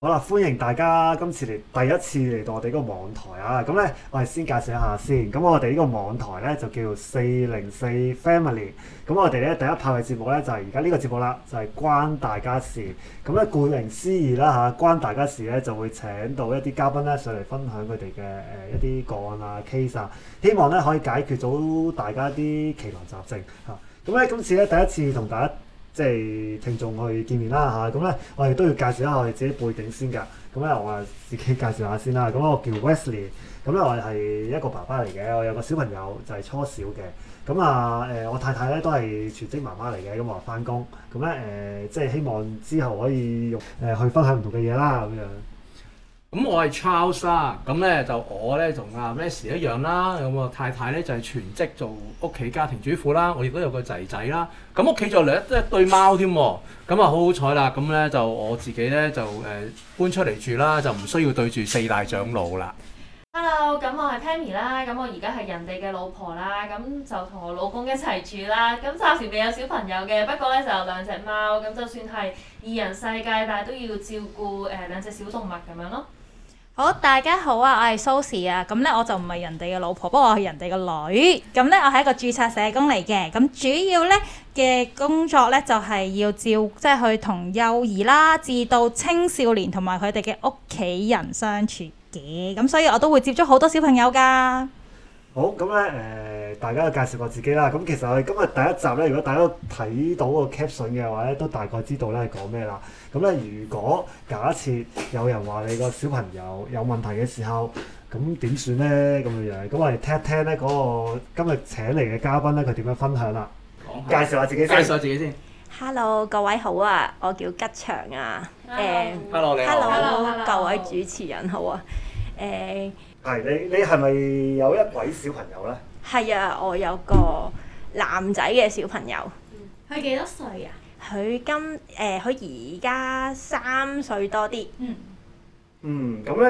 好啦，歡迎大家今次嚟第一次嚟到我哋個網台啊！咁咧，我哋先介紹一下先。咁我哋呢個網台咧就叫四零四 Family。咁我哋咧第一派嘅節目咧就係而家呢個節目啦，就係、是、關大家事。咁咧，顧名思義啦吓、啊，關大家事咧就會請到一啲嘉賓咧上嚟分享佢哋嘅誒一啲個案啊 case 啊，希望咧可以解決到大家啲奇難雜症吓。咁、啊、咧今次咧第一次同大家。即係聽眾去見面啦嚇，咁、啊、咧我哋都要介紹一下我哋自己背景先㗎。咁、啊、咧我自己介紹下先啦。咁、啊、我叫 Wesley，咁、啊、咧我係一個爸爸嚟嘅，我有個小朋友就係、是、初小嘅。咁啊誒、呃，我太太咧都係全職媽媽嚟嘅，咁、啊、我返工。咁咧誒，即係希望之後可以用誒、呃、去分享唔同嘅嘢啦咁樣。咁我係 Charles 啦，啊，咁咧就我咧同阿 Les 一樣啦，咁啊太太咧就係全職做屋企家庭主婦啦，我亦都有個仔仔啦，咁屋企仲有一一對貓添，咁啊，啊，啊好好彩啦，咁咧就我自己咧就誒搬出嚟住啦，就唔需要對住四大長老啦。Hello，咁我係 Pammy 啦，咁我而家係人哋嘅老婆啦，咁就同我老公一齊住啦，咁暫時未有小朋友嘅，不過咧就有兩隻貓，咁就算係二人世界，但係都要照顧誒兩隻小動物咁樣咯。好，大家好啊！我係蘇氏啊，咁、嗯、呢，我就唔係人哋嘅老婆，不過我係人哋嘅女。咁、嗯、呢、嗯嗯嗯，我係一個注冊社工嚟嘅，咁、嗯、主要呢嘅工作呢，就係要照，即係去同幼兒啦，至到青少年同埋佢哋嘅屋企人相處嘅。咁、嗯嗯嗯嗯、所以我都會接觸好多小朋友噶。好咁咧，誒、嗯，大家都介紹過自己啦。咁其實我哋今日第一集咧，如果大家睇到個 caption 嘅話咧，都大概知道咧係講咩啦。咁、嗯、咧，如果假設有人話你個小朋友有問題嘅時候，咁點算咧？咁嘅樣，咁我哋聽一聽咧嗰個今日請嚟嘅嘉賓咧，佢點樣分享啦、啊？好介紹下自己，介紹自己先。己先 hello，各位好啊，我叫吉祥啊。誒，Hello，你好。Hello，, hello 各位主持人 hello. 好啊。誒、呃。係你你係咪有一位小朋友咧？係啊，我有個男仔嘅小朋友。佢幾、嗯、多歲啊？佢今誒佢而家三歲多啲。嗯。嗯，咁咧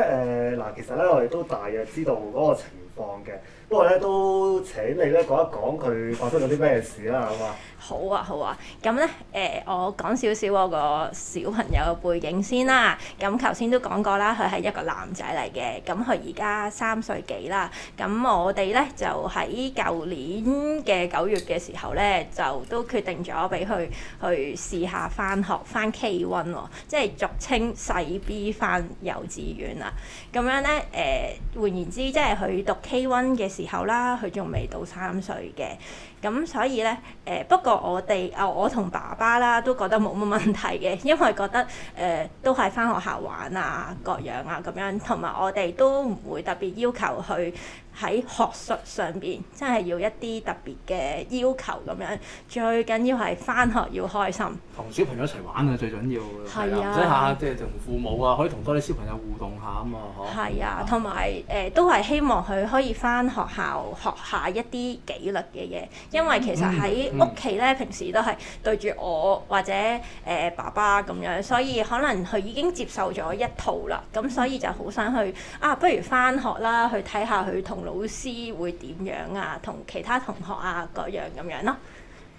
誒嗱，其實咧我哋都大約知道嗰個情況嘅。不過咧都請你咧講一講佢發生咗啲咩事啦，好嘛，啊？好啊好啊，咁咧誒我講少少我個小朋友嘅背景先啦。咁頭先都講過啦，佢係一個男仔嚟嘅。咁佢而家三歲幾喇。咁我哋咧就喺舊年嘅九月嘅時候咧，就都決定咗畀佢去試下返學返 K1 喎，哦，即係俗稱細 B 返幼稚園啦。咁樣咧誒，呃，換言之，即係佢讀 K1 嘅時候啦，佢仲未到三歲嘅。咁所以咧，誒、呃、不過我哋啊，我同爸爸啦都覺得冇乜問題嘅，因為覺得誒、呃、都係翻學校玩啊，各樣啊咁樣，同埋我哋都唔會特別要求佢喺學術上邊真係要一啲特別嘅要求咁樣，最緊要係翻學要開心，同小朋友一齊玩啊最緊要，即係即係同父母啊可以同多啲小朋友互動下啊嘛，係啊，同埋誒都係希望佢可以翻學校學下一啲紀律嘅嘢。因為其實喺屋企咧，平時都係對住我或者誒、呃、爸爸咁樣，所以可能佢已經接受咗一套啦。咁所以就好想去啊，不如返學啦，去睇下佢同老師會點樣啊，同其他同學啊各樣咁樣咯。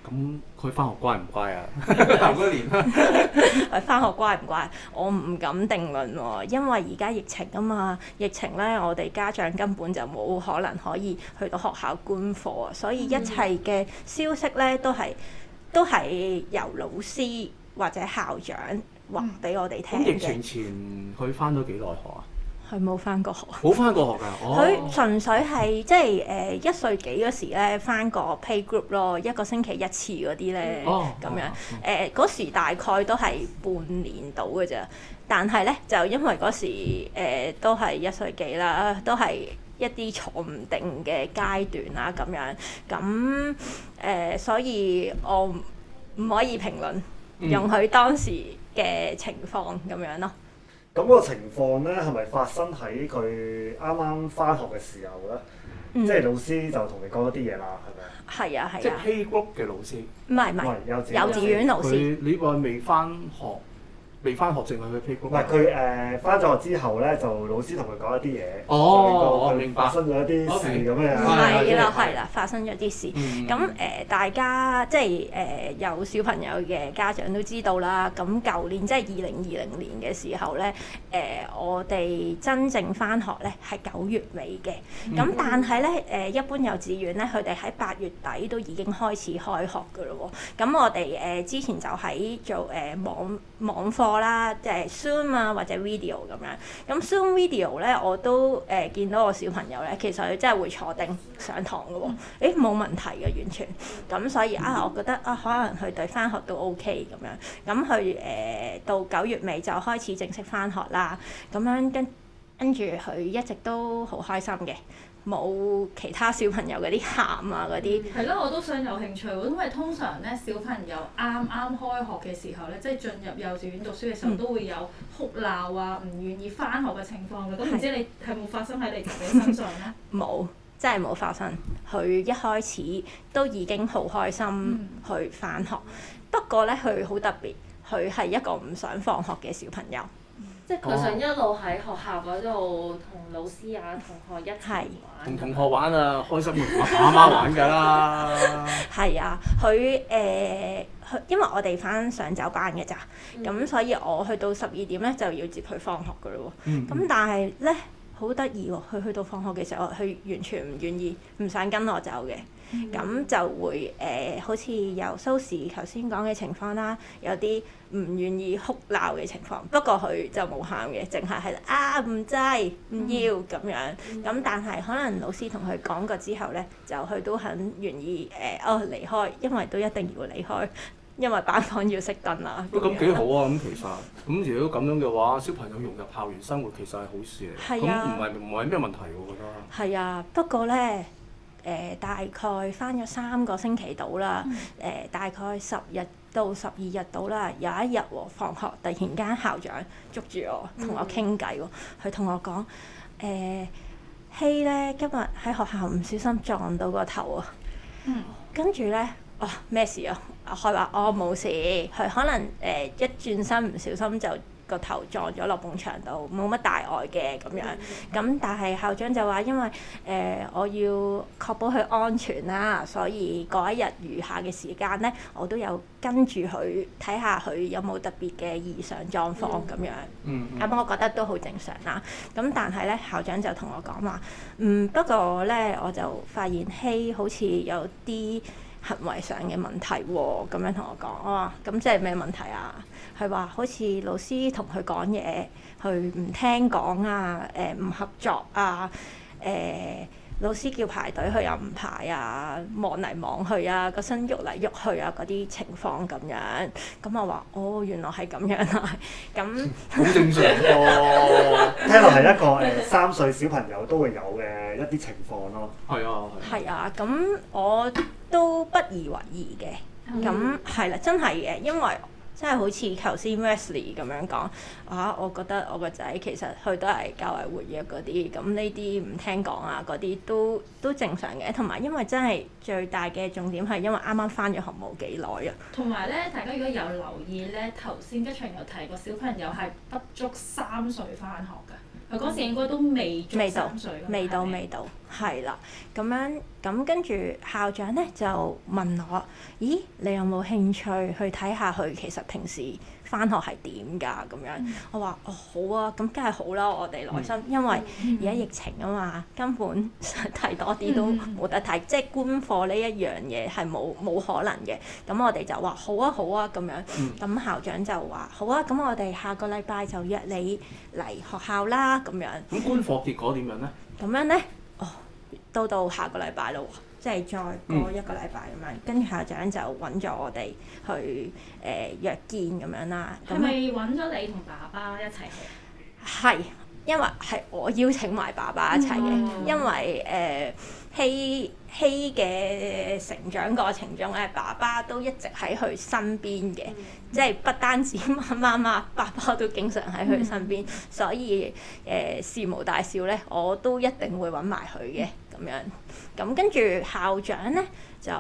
咁佢返學乖唔乖啊？年啦。係返學乖唔乖？我唔敢定論喎、哦，因為而家疫情啊嘛，疫情咧我哋家長根本就冇可能可以去到學校觀課，所以一切嘅消息咧都係都係由老師或者校長話俾我哋聽嘅。疫情前佢返咗幾耐學啊？佢冇返過學，冇返過學㗎。佢純粹係即係誒、呃、一歲幾嗰時咧，返個 play group 咯，一個星期一次嗰啲咧，咁、哦、樣。誒嗰時大概都係半年到嘅啫。但係咧，就因為嗰時、呃、都係一歲幾啦，都係一啲坐唔定嘅階段啦，咁樣。咁誒、呃，所以我唔可以評論，容許當時嘅情況咁樣咯。嗯。咁個情況咧，係咪發生喺佢啱啱返學嘅時候咧？Mm hmm. 即係老師就同你講一啲嘢啦，係咪？係啊係啊，啊即係希谷嘅老師。唔係唔係，幼稚園老師。佢你話未返學？未翻學，淨係去睇館。唔係佢誒，翻咗、呃、學之後咧，就老師同佢講一啲嘢，令到佢發生咗一啲事咁、哦、樣。唔係啦，係啦，發生咗啲事。咁誒、嗯呃，大家即係誒、呃、有小朋友嘅家長都知道啦。咁舊年即係二零二零年嘅時候咧，誒、呃、我哋真正翻學咧係九月尾嘅。咁但係咧誒，一般幼稚園咧，佢哋喺八月底都已經開始開學㗎咯喎。咁我哋誒、呃、之前就喺做誒、呃、網網課。課啦，即係 Zoom 啊，或者 video 咁樣。咁 Zoom、video 咧，我都誒、呃、見到我小朋友咧，其實佢真係會坐定上堂嘅喎。誒，冇問題嘅，完全。咁所以啊，我覺得啊，可能佢對返學都 OK 咁樣。咁佢誒到九月尾就開始正式返學啦。咁樣跟跟住佢一直都好開心嘅。冇其他小朋友嗰啲喊啊嗰啲。係咯、 嗯，我都想有興趣，因為通常咧小朋友啱啱開學嘅時候咧，即係進入幼稚園讀書嘅時候，嗯、都會有哭鬧啊、唔願意翻學嘅情況嘅。咁唔知你係冇發生喺你自己身上咧？冇， 真係冇發生。佢一開始都已經好開心去翻學，嗯、不過咧佢好特別，佢係一個唔想放學嘅小朋友。即係佢想一路喺學校嗰度同老師啊同學一齊玩，同是同學玩啊， 開心同、啊、阿 媽媽玩㗎啦。係啊，佢誒、 啊，佢、呃、因為我哋翻上晝班嘅咋，咁、嗯、所以我去到十二點咧就要接佢放學嘅咯喎。咁、嗯嗯、但係咧好得意喎，佢去到放學嘅時候，佢完全唔願意，唔想跟我走嘅。咁、嗯、就會誒、呃，好似有蘇 Sir 頭先講嘅情況啦，有啲唔願意哭鬧嘅情況。不過佢就冇喊嘅，淨係係啊唔制唔要咁、嗯、樣。咁、嗯、但係可能老師同佢講過之後咧，就佢都很願意誒、呃、哦離開，因為都一定要離開，因為班房要熄燈啦。不過咁幾好啊！咁樣 其實咁如果咁樣嘅話，小朋友融入校園生活其實係好事嚟，咁唔係唔係咩問題，我覺得係啊，不過咧。誒、呃、大概返咗三個星期到啦，誒、呃、大概十日到十二日到啦，有一日我放學，突然間校長捉住我同我傾偈喎，佢、呃、同、嗯、我講誒希咧今日喺學校唔小心撞到個頭、嗯、啊，跟住咧哇，咩事啊？阿開話我冇事，佢可能誒、呃、一轉身唔小心就。個頭撞咗落埲牆度，冇乜大礙嘅咁樣。咁、嗯、但係校長就話，因為誒、呃、我要確保佢安全啦、啊，所以嗰一日餘下嘅時間咧，我都有跟住佢睇下佢有冇特別嘅異常狀況咁樣。嗯、嗯、嗯。咁、嗯、我覺得都好正常啦、啊。咁、嗯、但係咧，校長就同我講話，嗯不過咧我就發現希、hey, 好似有啲行為上嘅問題喎，咁樣同我講哦，咁即係咩問題啊？係話好似老師同佢講嘢，佢唔聽講啊，誒、呃、唔合作啊，誒、呃、老師叫排隊佢又唔排啊，望嚟望去啊，個身喐嚟喐去啊，嗰啲情況咁樣，咁我話哦原來係咁樣啊，咁 好正常咯、啊， 聽落係一個誒、呃、三歲小朋友都會有嘅一啲情況咯，係啊、哦，係啊，咁的的我都不以為意嘅，咁係啦，真係嘅，因為。真係好似頭先 Wesley 咁樣講，啊，我覺得我個仔其實佢都係較為活躍嗰啲，咁呢啲唔聽講啊，嗰啲都都正常嘅。同埋因為真係最大嘅重點係因為啱啱返咗學冇幾耐啊。同埋咧，大家如果有留意咧，頭先一場有提過小朋友係不足三歲返學。嗰陣時應該都未到，未到未到，係吧啦，咁樣咁跟住校長咧就問我：咦，你有冇興趣去睇下佢？其實平時，返學係點㗎？咁樣、嗯、我話哦好啊，咁梗係好啦。我哋耐心，嗯、因為而家疫情啊嘛，根本想睇多啲都冇得睇。嗯、即係觀課呢一樣嘢係冇冇可能嘅。咁我哋就話好啊好啊咁樣。咁、嗯、校長就話好啊，咁我哋下個禮拜就約你嚟學校啦。咁樣咁觀課結果點樣呢？咁、嗯、樣呢？哦，到到下個禮拜咯。即係再過一個禮拜咁，嗯呃、樣，跟住校長就揾咗我哋去誒約見咁樣啦。係咪揾咗你同爸爸一齊去？係，因為係我邀請埋爸爸一齊嘅，哦、因為誒、呃、希希嘅成長過程中咧，爸爸都一直喺佢身邊嘅，嗯、即係不單止媽媽媽，爸爸都經常喺佢身邊，嗯、所以誒、呃、事無大小咧，我都一定會揾埋佢嘅。嗯咁樣，咁跟住校長咧就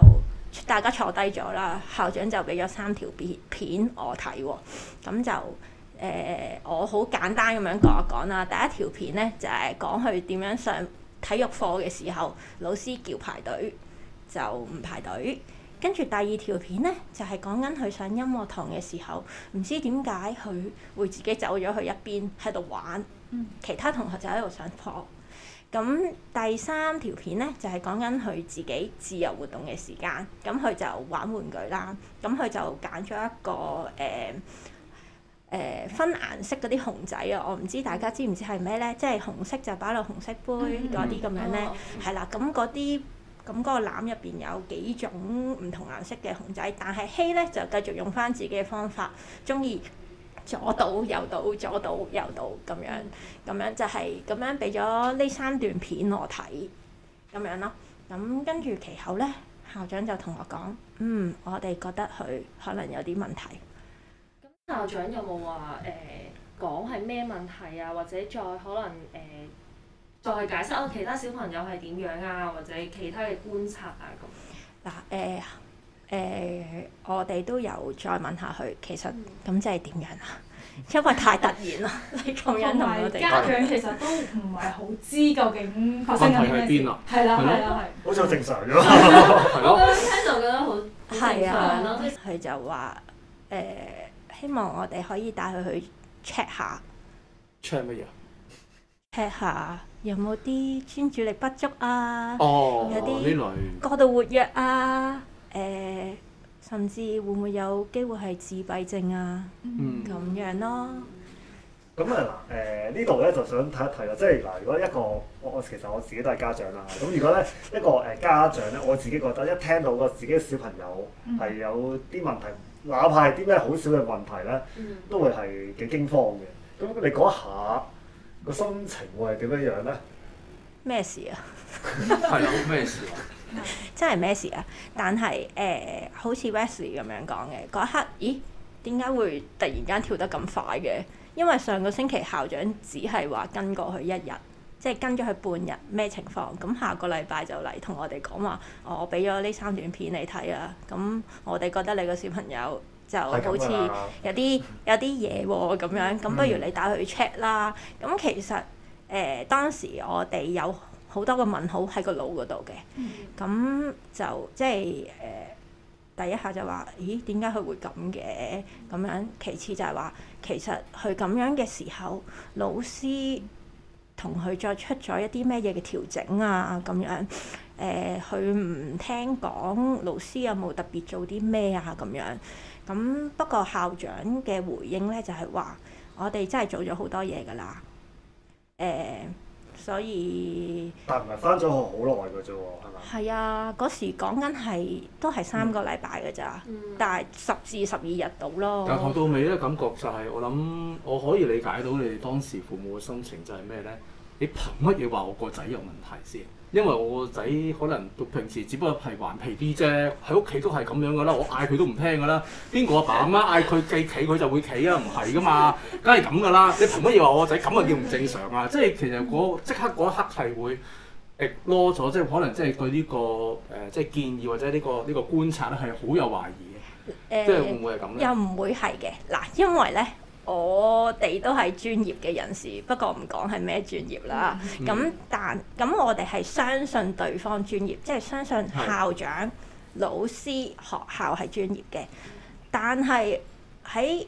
大家坐低咗啦。校長就俾咗三條片片我睇，哦，咁就誒、呃、我好簡單咁樣講一講啦。第一條片咧就係講佢點樣上體育課嘅時候，老師叫排隊就唔排隊。跟住第二條片咧就係講緊佢上音樂堂嘅時候，唔知點解佢會自己走咗去一邊喺度玩，嗯、其他同學就喺度上課。咁第三條片咧，就係、是、講緊佢自己自由活動嘅時間，咁佢就玩玩具啦，咁佢就揀咗一個誒誒、呃呃、分顏色嗰啲熊仔啊，我唔知大家知唔知係咩咧，即係紅色就擺落紅色杯嗰啲咁樣咧，係、哦、啦，咁嗰啲咁嗰個籃入邊有幾種唔同顏色嘅熊仔，但係希咧就繼續用返自己嘅方法，鍾意。左倒右倒，左倒右倒，咁樣咁樣就係咁樣俾咗呢三段片我睇咁樣咯。咁跟住其後咧，校長就同我講：嗯，我哋覺得佢可能有啲問題。咁校長有冇話誒講係咩問題啊？或者再可能誒、呃、再解釋下、呃、其他小朋友係點樣啊？或者其他嘅觀察啊咁？嗱誒、呃。呃誒，我哋都有再問下佢，其實咁即係點樣啊？因為太突然啦，你咁樣同我哋家長其實都唔係好知究竟發生緊咩？係啦係啦，好似正常咁。聽就覺得好正常咯。佢就話：誒，希望我哋可以帶佢去 check 下 check 乜嘢？check 下有冇啲專注力不足啊？有啲過度活躍啊！誒、呃，甚至會唔會有機會係自閉症啊？咁、嗯、樣咯。咁啊嗱，誒、呃、呢度咧就想睇一睇啦，即係嗱、呃，如果一個我我其實我自己都係家長啦，咁如果咧一個誒、呃、家長咧，我自己覺得一聽到個自己小朋友係有啲問題，嗯、哪怕係啲咩好少嘅問題咧，都會係幾驚慌嘅。咁你嗰一下個心情會係點樣樣咧？咩事啊？係有咩事啊？ 真係咩事啊？但係誒、呃，好似 Wesley 咁樣講嘅嗰一刻，咦？點解會突然間跳得咁快嘅？因為上個星期校長只係話跟過去一日，即係跟咗佢半日咩情況？咁、嗯、下個禮拜就嚟同我哋講話，我俾咗呢三段片你睇啊。咁、嗯、我哋覺得你個小朋友就好似有啲有啲嘢喎咁樣。咁、嗯 嗯、不如你打去 check 啦。咁、嗯、其實誒、呃、當時我哋有。好多個問號喺個腦嗰度嘅，咁、mm hmm. 就即係誒第一下就話，咦，點解佢會咁嘅？咁樣其次就係話，其實佢咁樣嘅時候，老師同佢作出咗一啲咩嘢嘅調整啊？咁樣誒，佢、呃、唔聽講，老師有冇特別做啲咩啊？咁樣咁不過校長嘅回應咧就係、是、話，我哋真係做咗好多嘢噶啦，誒、呃。所以，但唔係翻咗學好耐嘅啫喎，係咪吧？係啊，嗰時講緊係都係三個禮拜㗎咋，嗯、但係十至十二日到咯。但學到尾咧，感覺就係、是、我諗我可以理解到你當時父母嘅心情就係咩咧？你憑乜嘢話我個仔有問題先？因為我個仔可能平時，只不過係頑皮啲啫，喺屋企都係咁樣噶啦，我嗌佢都唔聽噶啦。邊個阿爸阿媽嗌佢企企，佢就會企啊，唔係噶嘛，梗係咁噶啦。你憑乜嘢話我個仔咁啊叫唔正常啊？即係其實即刻嗰一刻係會誒囉咗，即係可能即係對呢個誒即係建議或者呢、呢個呢、呢個觀察咧係好有懷疑嘅，即係會唔會係咁咧？又唔會係嘅嗱，因為咧。我哋都係專業嘅人士，不過唔講係咩專業啦。咁但咁我哋係相信對方專業，即係相信校長、老師、學校係專業嘅。但係喺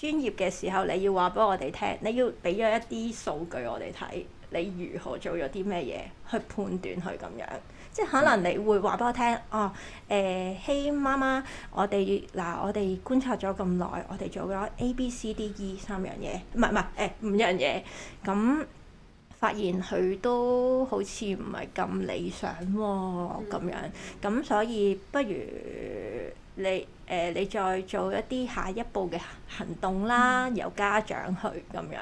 專業嘅時候，你要話俾我哋聽，你要俾咗一啲數據我哋睇，你如何做咗啲咩嘢去判斷佢咁樣？即係可能你會話俾我聽，哦，誒、欸、希媽媽，我哋嗱、呃、我哋觀察咗咁耐，我哋做咗 A、B、C、D、E 三樣嘢，唔係唔係誒五樣嘢，咁發現佢都好似唔係咁理想喎，哦，咁樣，咁所以不如你。誒、呃，你再做一啲下一步嘅行動啦，由家長去咁樣。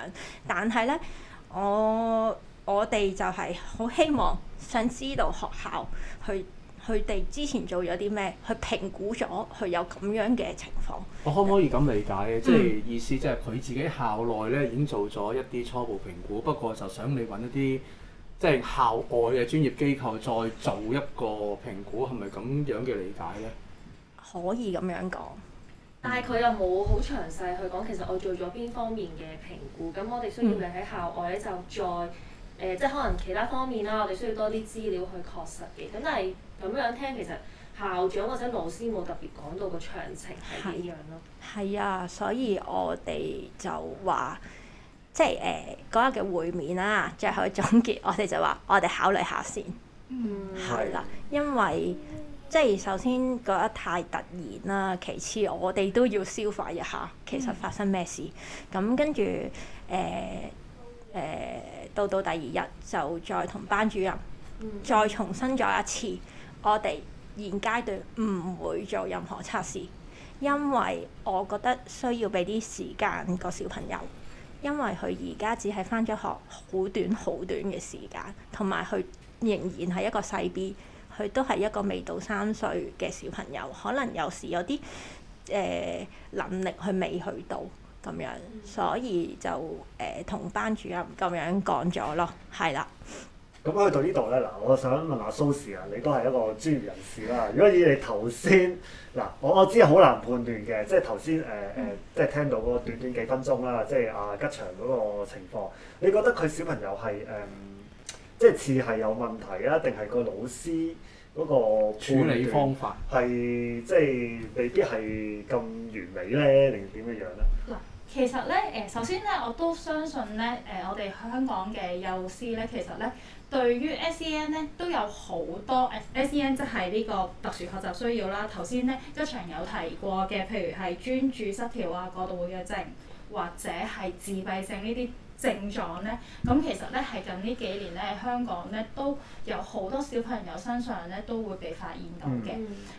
但係呢，我我哋就係好希望想知道學校去佢哋之前做咗啲咩，去評估咗佢有咁樣嘅情況。我可唔可以咁理解？嗯，即係意思即係佢自己校內呢，已經做咗一啲初步評估，不過就想你揾一啲即係校外嘅專業機構再做一個評估，係咪咁樣嘅理解呢？可以咁樣講，嗯、但係佢又冇好詳細去講，其實我做咗邊方面嘅評估。咁我哋需要你喺校外咧，就再誒、嗯呃，即係可能其他方面啦。我哋需要多啲資料去確實嘅。咁但係咁樣聽，其實校長或者老師冇特別講到個詳情係點樣咯。係啊，所以我哋就話，即係誒嗰日嘅會面啦、啊，最後總結我，我哋就話我哋考慮下先。嗯，係啦、啊，啊、因為。嗯即係首先覺得太突然啦，其次我哋都要消化一下其實發生咩事。咁跟住誒誒，到到第二日就再同班主任再重申再一次，我哋現階段唔會做任何測試，因為我覺得需要俾啲時間個小朋友，因為佢而家只係翻咗學好短好短嘅時間，同埋佢仍然係一個細 B。佢都係一個未到三歲嘅小朋友，可能有時有啲誒能力佢未去到咁樣，所以就誒同、呃、班主任咁樣講咗咯，係啦。咁去、嗯嗯、到呢度咧，嗱，我想問下蘇士啊，你都係一個專業人士啦。如果以你頭先嗱，我我知好難判斷嘅，即係頭先誒誒，即係聽到嗰個短短幾分鐘啦，即係阿吉祥嗰個情況，你覺得佢小朋友係誒？呃即係似係有問題啊？定係個老師嗰個處理,處理方法係即係未必係咁完美咧，定點嘅樣咧？嗱，其實咧，誒，首先咧，我都相信咧，誒，我哋香港嘅幼師咧，其實咧，對於 SEN 咧都有好多 SEN 即係呢個特殊學習需要啦。頭先咧，一場有提過嘅，譬如係專注失調啊、過度活躍症，或者係自閉症呢啲。症狀咧，咁其實咧係近呢幾年咧，香港咧都有好多小朋友身上咧都會被發現到嘅。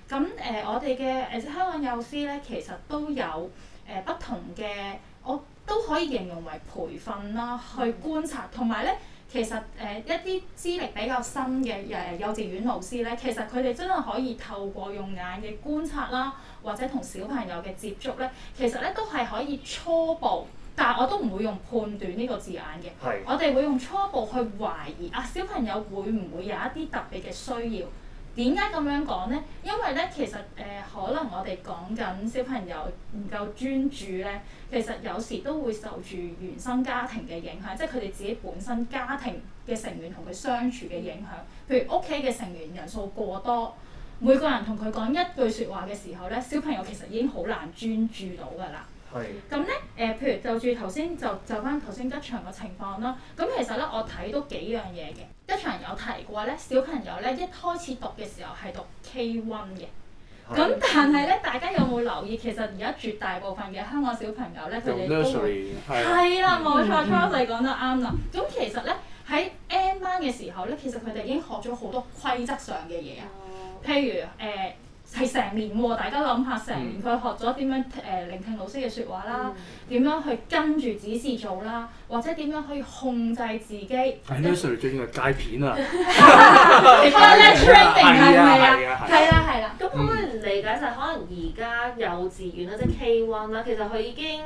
咁誒、嗯呃，我哋嘅誒香港幼師咧，其實都有誒、呃、不同嘅，我都可以形容為培訓啦，去觀察，同埋咧，其實誒、呃、一啲資歷比較深嘅誒幼稚園老師咧，其實佢哋真係可以透過用眼嘅觀察啦，或者同小朋友嘅接觸咧，其實咧都係可以初步。但我都唔會用判斷呢個字眼嘅，是我哋會用初步去懷疑啊，「小朋友會唔會有一啲特別嘅需要？點解咁樣講呢？」因為咧，其實誒、呃，可能我哋講緊小朋友唔夠專注咧，其實有時都會受住原生家庭嘅影響，即係佢哋自己本身家庭嘅成員同佢相處嘅影響，譬如屋企嘅成員人數過多，每個人同佢講一句説話嘅時候咧，小朋友其實已經好難專注到㗎啦。咁咧，誒、呃，譬如就住頭先就就翻頭先吉祥嘅情況啦。咁、嗯、其實咧，我睇到幾樣嘢嘅。吉祥有提過咧，小朋友咧一開始讀嘅時候係讀 K1 嘅。咁的但係咧，大家有冇留意？其實而家絕大部分嘅香港小朋友咧，佢哋都會，係啦，冇錯，Charles 講得啱啦。咁 其實咧，喺 N 班嘅時候咧，其實佢哋已經學咗好多規則上嘅嘢啊。譬如誒。呃係成年喎，大家諗下成年佢學咗點樣誒聆聽老師嘅説話啦，點樣去跟住指示做啦，或者點樣可以控制自己。係呢個最緊要戒片啊，係啊係啊，係啦係啦。咁可能理解就可能而家幼稚園啦，即係 K1 啦，其實佢已經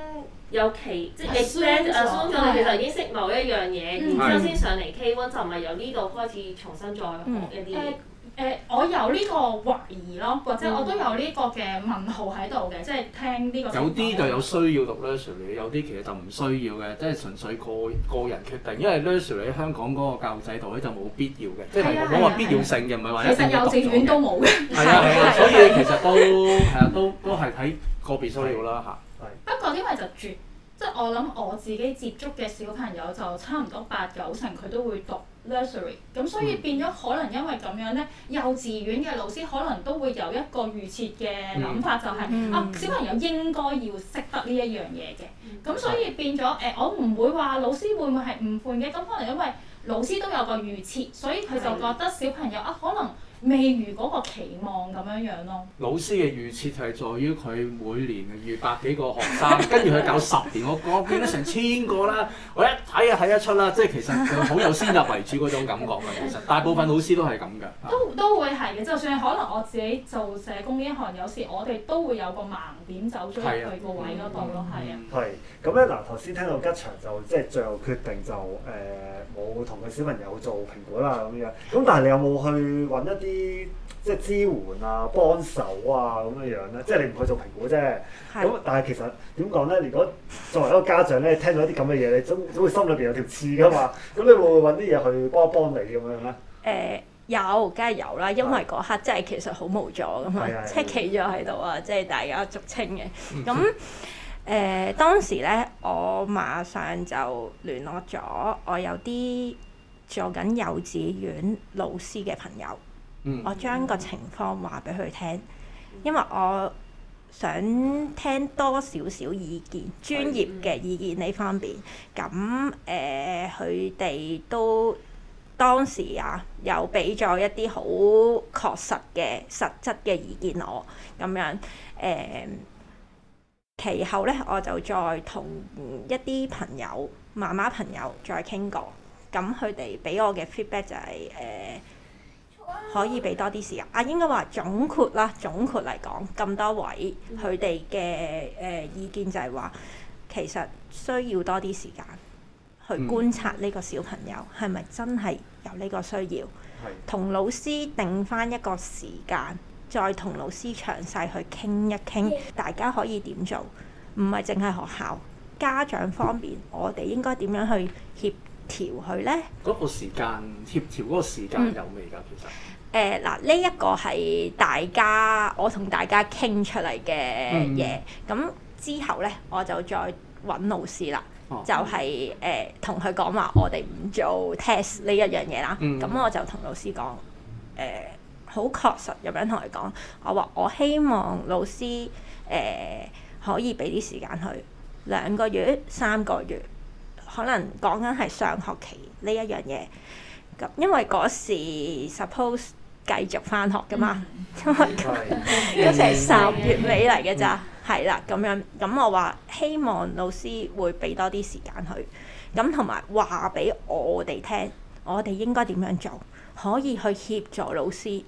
有期。即係 expand 啊，所以佢其實已經識某一樣嘢，然之後先上嚟 K1 就唔係由呢度開始重新再學一啲。誒，我有呢個懷疑咯，或者我都有呢個嘅問號喺度嘅，即係聽呢個。有啲就有需要讀咧，Sir，有啲其實就唔需要嘅，即係純粹個個人決定，因為咧，Sir，你喺香港嗰個教育制度咧就冇必要嘅，即係冇話必要性嘅，唔係話一定要讀咗。其實幼稚園都冇嘅，係啊係啊，所以其實都係啊，都都係睇個別需要啦嚇。不過因為就住，即係我諗我自己接觸嘅小朋友就差唔多八九成佢都會讀。咁所以變咗可能因為咁樣咧，幼稚園嘅老師可能都會有一個預設嘅諗法，就係，就係、嗯、啊小朋友應該要識得呢一樣嘢嘅，咁所以變咗誒、呃，我唔會話老師會唔會係誤判嘅，咁可能因為老師都有個預設，所以佢就覺得小朋友啊可能。未如嗰個期望咁樣樣咯。老師嘅預設係在於佢每年預百幾個學生， 跟住佢搞十年，我講變咗成千個啦。我一睇就睇得出啦，即係其實佢好有先入為主嗰種感覺嘅。其實大部分老師都係咁嘅。都都會係嘅，就算可能我自己做社工呢一行，有時我哋都會有個盲點走咗去個位嗰度咯，係啊。係咁咧，嗱頭先聽到吉祥就即係、就是、最後決定就誒。呃冇同佢小朋友做評估啦，咁樣咁，但係你有冇去揾一啲即係支援啊、幫手啊咁樣樣咧？即係你唔去做評估啫。咁的但係其實點講咧？如果作為一個家長咧，聽到一啲咁嘅嘢，你總總會心裏面有條刺噶嘛。咁的你會唔會揾啲嘢去幫一幫你咁樣咧？誒、呃、有，梗係有啦，因為嗰刻真係其實好無助噶嘛的的，即係企咗喺度啊，即係大家俗稱嘅咁。 誒、呃、當時咧，我馬上就聯絡咗我有啲做緊幼稚園老師嘅朋友，嗯、我將個情況話俾佢聽，因為我想聽多少少意見，嗯、專業嘅意見呢方面。咁誒，佢、呃、哋都當時啊，又俾咗一啲好確實嘅實質嘅意見我，咁樣誒。呃其後咧，我就再同一啲朋友、媽媽朋友再傾過，咁佢哋俾我嘅 feedback 就係、是、誒、呃，可以俾多啲時間。啊，應該話總括啦，總括嚟講，咁多位佢哋嘅誒意見就係話，其實需要多啲時間去觀察呢個小朋友係咪、嗯、真係有呢個需要，同是老師定返一個時間。再同老師詳細去傾一傾，大家可以點做？唔係淨係學校家長方面，我哋應該點樣去協調佢呢？嗰個時間協調嗰個時間有未㗎？嗯、其實誒嗱，呢一個係大家我同大家傾出嚟嘅嘢，咁、嗯、之後呢，我就再揾老師啦，哦、就係誒同佢講話，呃、我哋唔做 test 呢一樣嘢啦。咁、嗯、我就同老師講誒。呃好確實咁樣同佢講，我話我希望老師誒、呃、可以俾啲時間去兩個月、三個月，可能講緊係上學期呢一樣嘢咁，因為嗰時 suppose 繼續返學㗎嘛，因為其實係十月尾嚟嘅咋，係啦咁樣咁樣，我話希望老師會俾多啲時間去，咁，同埋話俾我哋聽，我哋應該點樣做，可以去協助老師。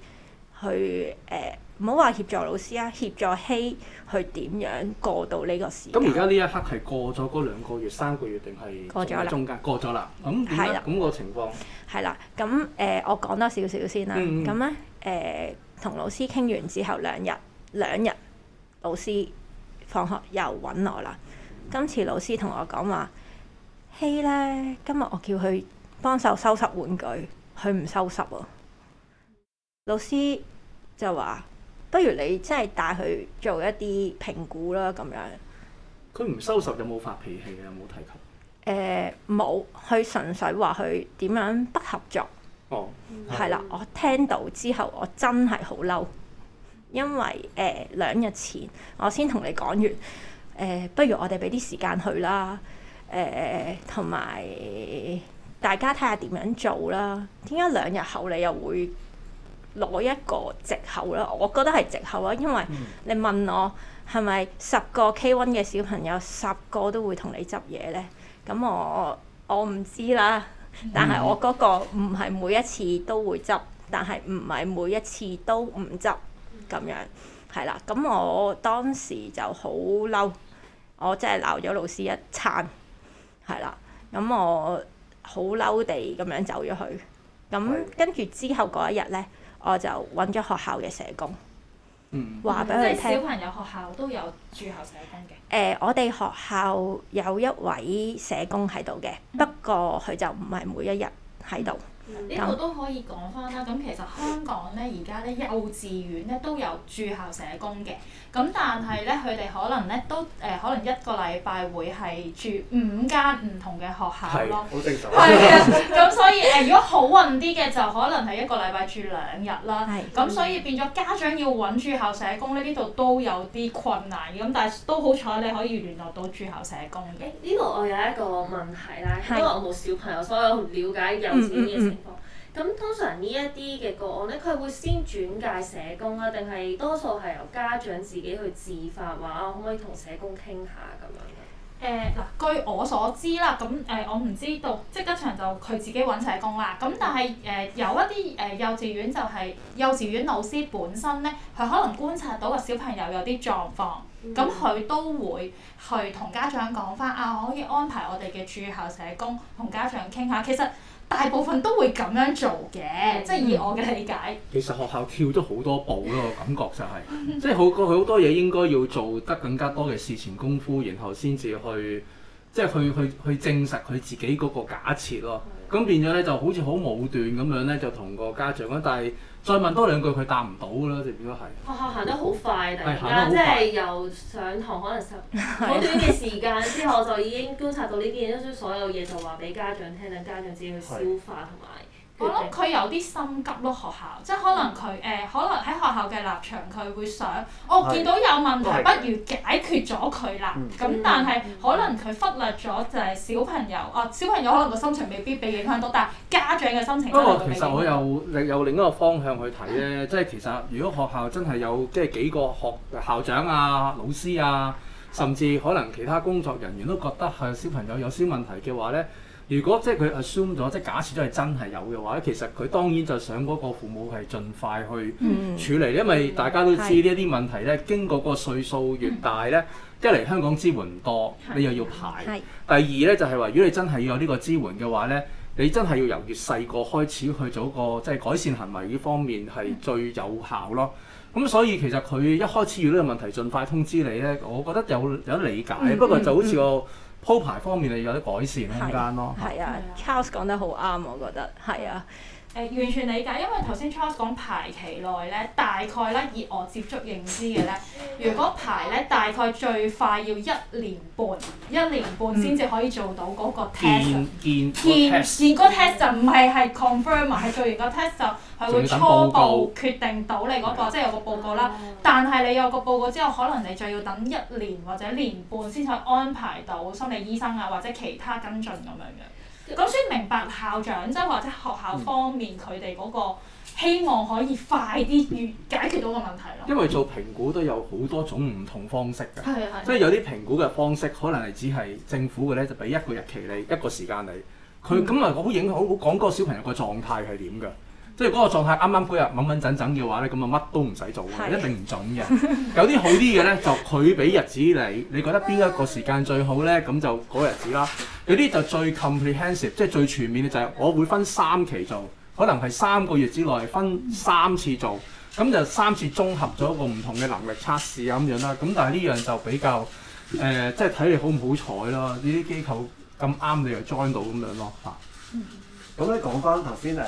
去誒，唔好話協助老師啊，協助希、hey, 去點樣過到呢個時間？咁而家呢一刻係過咗嗰兩個月、三個月定係中間？過咗了啦。咁點咧？咁、嗯、個了情況係啦。咁誒、呃，我講多少少先啦。咁咧誒，同、呃、老師傾完之後兩日，兩日老師放學又揾我啦。今次老師同我講話，希咧、嗯、今日我叫佢幫手收拾玩具，佢唔收拾啊、哦。老師。就話，不如你真係帶佢做一啲評估啦，咁樣。佢唔收拾有冇發脾氣啊？有冇提及？誒冇、呃，佢純粹話佢點樣不合作。哦，係啦，我聽到之後我真係好嬲，因為誒、呃、兩日前我先同你講完，誒、呃、不如我哋俾啲時間去啦，誒同埋大家睇下點樣做啦。點解兩日後你又會？攞一個藉口咯，我覺得係藉口啦，因為你問我係咪十個 K One 嘅小朋友十個都會同你執嘢呢？咁我我唔知啦，但係我嗰個唔係每一次都會執，但係唔係每一次都唔執，咁樣係啦。咁我當時就好嬲，我真係鬧咗老師一餐係啦。咁我好嬲地咁樣走咗去。咁的跟住之後嗰一日呢。我就揾咗學校嘅社工，話俾佢聽。即係小朋友學校都有駐校社工嘅。誒，我哋學校有一位社工喺度嘅，不過佢就唔係每一日喺度。嗯嗯呢度都可以講翻啦，咁、嗯、其實香港咧而家咧幼稚園咧都有駐校社工嘅，咁但係咧佢哋可能咧都誒、呃、可能一個禮拜會係住五間唔同嘅學校咯。係啊，咁的 所以誒、呃、如果好運啲嘅就可能係一個禮拜住兩日啦。咁是所以變咗家長要揾駐校社工咧，呢度都有啲困難。咁但係都好彩你可以聯絡到駐校社工嘅。呢度我有一個問題啦，因為我冇小朋友，所以我唔了解幼稚園嘅咁通常呢一啲嘅個案咧，佢會先轉介社工啊，定係多數係由家長自己去自發話啊，可唔可以同社工傾下咁樣？誒嗱、呃，據我所知啦，咁誒、呃、我唔知道，積德祥就佢自己揾社工啦。咁但係誒、呃、有一啲誒幼稚園就係、是、幼稚園老師本身咧，佢可能觀察到個小朋友有啲狀況，咁佢都會去同家長講返啊，可以安排我哋嘅駐校社工同家長傾下，其實。大部分都會咁樣做嘅，即係以我嘅理解。其實學校跳咗好多步咯，我感覺就係、是， 即係好個好多嘢應該要做得更加多嘅事前功夫，然後先至去，即係去去去、去證實佢自己嗰個假設咯。咁 變咗咧，就好似好武斷咁樣咧，就同個家長咧，但係。再問多兩句佢答唔到㗎啦，直觀係。學校行、啊、得好快突然間，即係由上堂可能十好短嘅時間之後， 就已經觀察到呢件嘢，將所有嘢就話俾家長聽，等家長自己去消化同埋。我諗佢有啲心急咯，學校即係可能佢誒、呃，可能喺學校嘅立場，佢會想，我、哦、見到有問題，的不如解決咗佢啦。咁、嗯、但係可能佢忽略咗就係小朋友，啊、嗯哦、小朋友可能個心情未必被影響到，但係家長嘅心情都係會被影響到。不過其實我又另有另一個方向去睇咧，即係其實如果學校真係有即係幾個學校長啊、老師啊，甚至可能其他工作人員都覺得係小朋友有少問題嘅話咧。如果即係佢 assume 咗，即係假設都係真係有嘅話咧，其實佢當然就想嗰個父母係盡快去處理，嗯、因為大家都知呢啲問題咧，是經過個歲數越大咧，嗯、一嚟香港支援唔多，是你又要排；第二咧就係話，如果你真係要有呢個支援嘅話咧，你真係要由越細個開始去做個即係、就是、改善行為呢方面係最有效咯。咁、嗯、所以其實佢一開始遇到個問題盡快通知你咧，我覺得有有理解，不過就好似我。嗯嗯嗯鋪排方面仲有啲改善空間咯。係啊，Charles 講得好啱，我覺得係啊。誒完全理解，因為頭先 Charles 講，排期內咧，大概咧以我接觸認知嘅咧，如果排咧大概，最快要一年半，一年半先至可以做到嗰個 in, in test。完完完個 test 就唔係係 confirm 係做完個 test 就係會初步決定到你嗰、那個，即係有個報告啦。但係你有個報告之後可能你就要等一年或者年半先去安排到心理醫生啊或者其他跟進咁樣樣。咁所以明白校長，即係或者學校方面佢哋嗰個希望可以快啲完解決到個問題咯。因為做評估都有好多種唔同方式㗎，即係、嗯、有啲評估嘅方式可能係只係政府嘅咧，就畀一個日期你，一個時間你。佢咁啊，好影響好講個小朋友個狀態係點㗎？即係嗰個狀態啱啱好啊，穩穩陣陣嘅話咧，咁啊乜都唔使做，是一定唔準嘅。有啲好啲嘅咧，就佢俾日子你，你覺得邊一個時間最好咧？咁就嗰日子啦。有啲就最 comprehensive，即係最全面嘅就係，我會分三期做，可能係三個月之內分三次做，咁就三次綜合咗一個唔同嘅能力測試啊咁樣啦。咁但係呢樣就比較誒、呃，即係睇你好唔好彩咯。呢啲機構咁啱你又 join 到咁樣咯，係。咁咧，講翻頭先誒誒，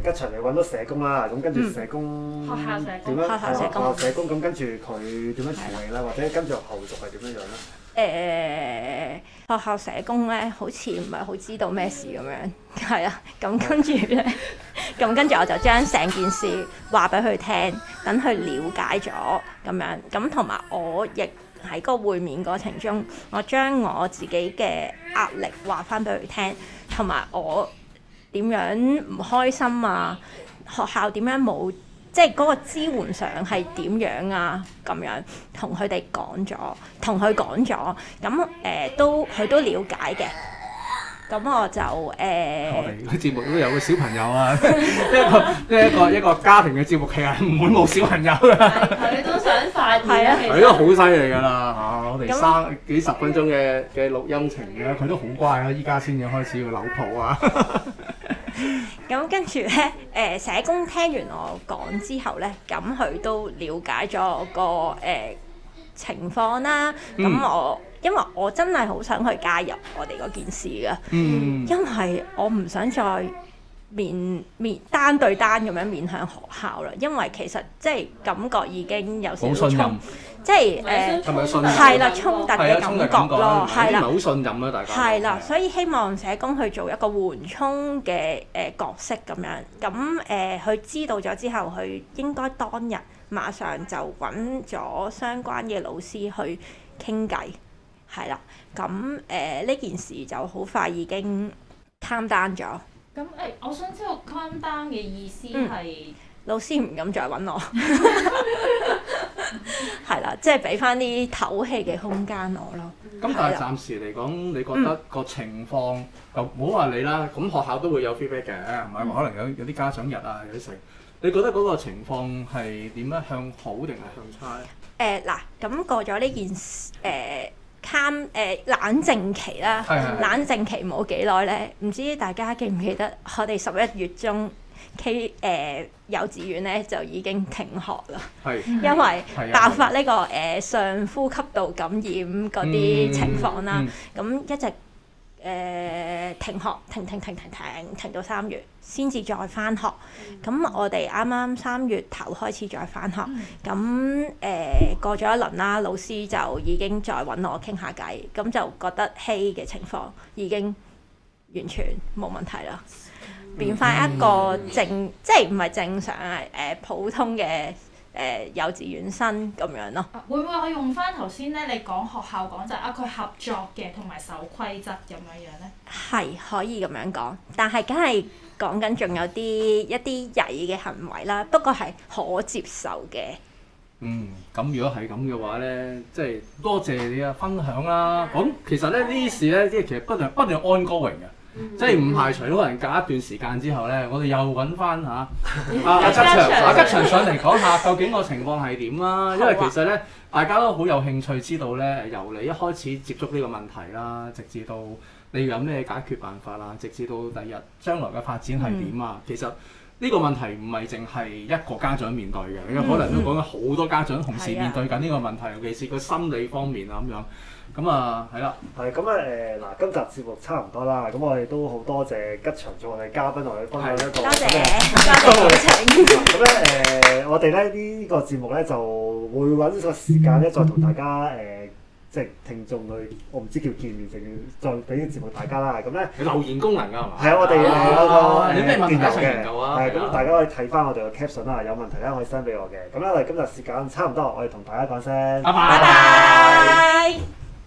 吉才你揾到社工啦。咁跟住社工點，學校社工，學校社工咁跟住佢點樣處理啦？的或者跟住後續係點樣樣咧？誒、欸，學校社工咧，好似唔係好知道咩事咁樣，係啊。咁、嗯嗯嗯、跟住咧，咁、 嗯、跟住我就將成件事話俾佢聽，等佢了解咗咁樣。咁同埋我亦喺個會面過程中，我將我自己嘅壓力話翻俾佢聽，同埋我。點樣唔開心啊？學校點樣冇？即係嗰個支援上係點樣啊？咁樣同佢哋講咗，同佢講咗，咁誒、呃、都佢都了解嘅。咁我就我哋、呃、個節目都有個小朋友啊！ 一個一個一個家庭嘅節目其實唔會冇小朋友嘅、啊。佢 都想快啲啊！佢都好犀利㗎啦！啊，我哋三幾十分鐘嘅嘅錄音程咧，佢都好乖啊，依家先要開始要扭抱啊！ 咁 跟住咧，誒、呃、社工聽完我講之後咧，咁佢都了解咗個誒情況啦。咁我、mm. 因為我真係好想去加入我哋嗰件事㗎，mm. 因為我唔想再，面面單對單咁樣面向學校啦，因為其實即係感覺已經有少少信任，即係誒係啦衝突嘅感覺咯，係啦，好啦，係啦的的，所以希望社工去做一個緩衝嘅誒、呃、角色咁樣，咁誒佢知道咗之後，佢應該當日馬上就揾咗相關嘅老師去傾偈，係啦，咁誒呢件事就好快已經攤單咗。咁誒，我想知道 c o n d 嘅意思係老師唔敢再揾我，係啦， 即係俾翻啲唞氣嘅空間我咯。咁、嗯、的但係暫時嚟講，你覺得個情況、嗯、就唔好話你啦。咁學校都會有 feedback 嘅，唔係話，嗯、可能有有啲家長日啊，有啲成，你覺得嗰個情況係點樣？向好定係向差咧？誒嗱、呃，咁過咗呢件事誒。呃攤誒、呃、冷靜期啦，的冷靜期冇幾耐咧，唔知大家記唔記得我哋十一月中，K 誒、呃、幼稚園咧就已經停學啦，的因為爆發呢、這個誒、呃、上呼吸道感染嗰啲情況啦，咁、嗯嗯、一直。誒、呃，停學停停停停停，停到三月，先至再翻學。咁、mm hmm. 我哋啱啱三月頭開始再翻學，咁誒、mm hmm. 呃、過咗一輪啦，老師就已經再搵我傾下偈。咁就覺得希、hey、嘅情況已經完全冇問題啦，mm hmm. 變翻一個正，即係唔係正常係，誒、呃，普通嘅。誒、呃、幼稚園生咁樣咯，會唔會可以用翻頭先咧？你講學校講就係啊，佢合作嘅同埋守規則咁樣樣咧，係可以咁樣講，但係梗係講緊仲有啲一啲曳嘅行為啦，不過係可接受嘅。嗯，咁如果係咁嘅話咧，即係多謝你嘅分享啦。咁的其實咧呢啲的事咧，即係其實不斷不斷安哥榮嘅。嗯、即係唔排除可能隔一段時間之後呢，我哋又揾翻吓阿吉祥、 阿吉祥上嚟講下究竟個情況係點啦。啊、因為其實呢，大家都好有興趣知道呢，由你一開始接觸呢個問題啦，直至到你有咩解決辦法啦，直至到第日，日將來嘅發展係點啊。嗯、其實呢個問題唔係淨係一個家長面對嘅，因為有可能都講緊好多家長同時面對緊呢個問題，嗯嗯、尤其是佢心理方面啊咁樣。咁啊，係啦，係咁啊誒嗱，今集節目差唔多啦，咁我哋都好多謝吉祥做我哋嘉賓，我哋分享一個多謝，多謝。咁咧誒，我哋咧呢個節目咧就會搵個時間咧，再同大家誒，即係聽眾去，我唔知叫見面成，再俾啲節目大家啦。咁咧留言功能啊，係嘛？係啊，我哋有個你咩問題嘅？係咁，大家可以睇返我哋嘅 caption 啦，有問題咧可以 send 俾我嘅。咁咧，今日時間差唔多，我哋同大家講聲，拜拜。